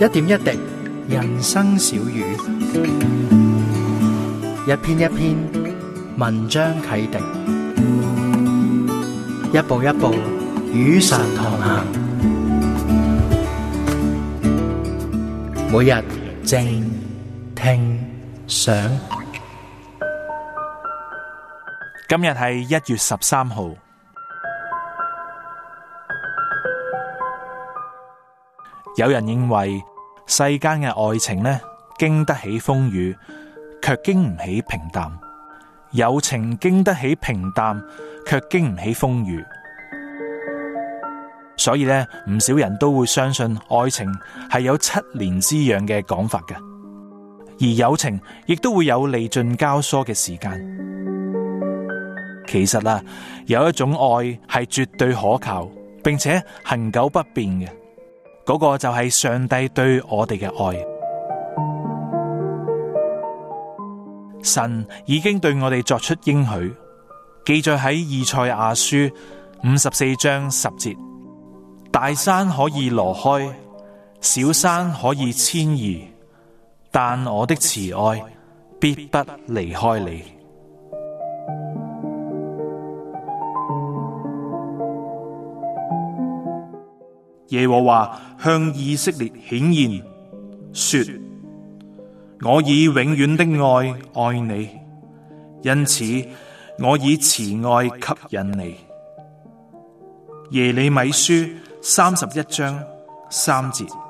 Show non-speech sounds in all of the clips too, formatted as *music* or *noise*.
一點一滴，人生小語；一篇一篇，文章啟迪；一步一步，雨傘同行。每日靜聽想，今日係一月十三號。有人認為世間嘅愛情呢，經得起風雨，卻經唔起平淡；友情經得起平淡，卻經唔起風雨。所以呢，唔少人都會相信愛情係有七年之癢嘅講法嘅，而友情亦都會有利盡交疏嘅時間。其實啊，有一種愛係絕對可靠，並且恒久不變嘅。嗰個就係上帝對我哋嘅愛，神已經對我哋作出應許，記載喺《以賽亞書》五十四章十節： *noise* 大山可以挪開，小山可以遷移，但我的慈愛必不離開你。耶和華向以色列顯現，說：我以永遠的愛愛你，因此我以慈愛吸引你。耶利米書三十一章三節。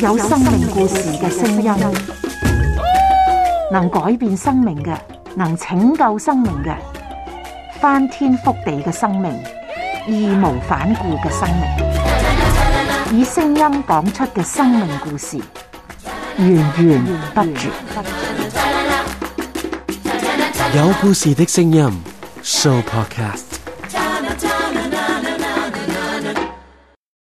有生命故事嘅聲音，能改變生命嘅，能拯救生命嘅，翻天覆地嘅生命，義無反顧嘅生命，以聲音講出嘅生命故事，源源不絕。有故事嘅聲音，Sooo Podcast。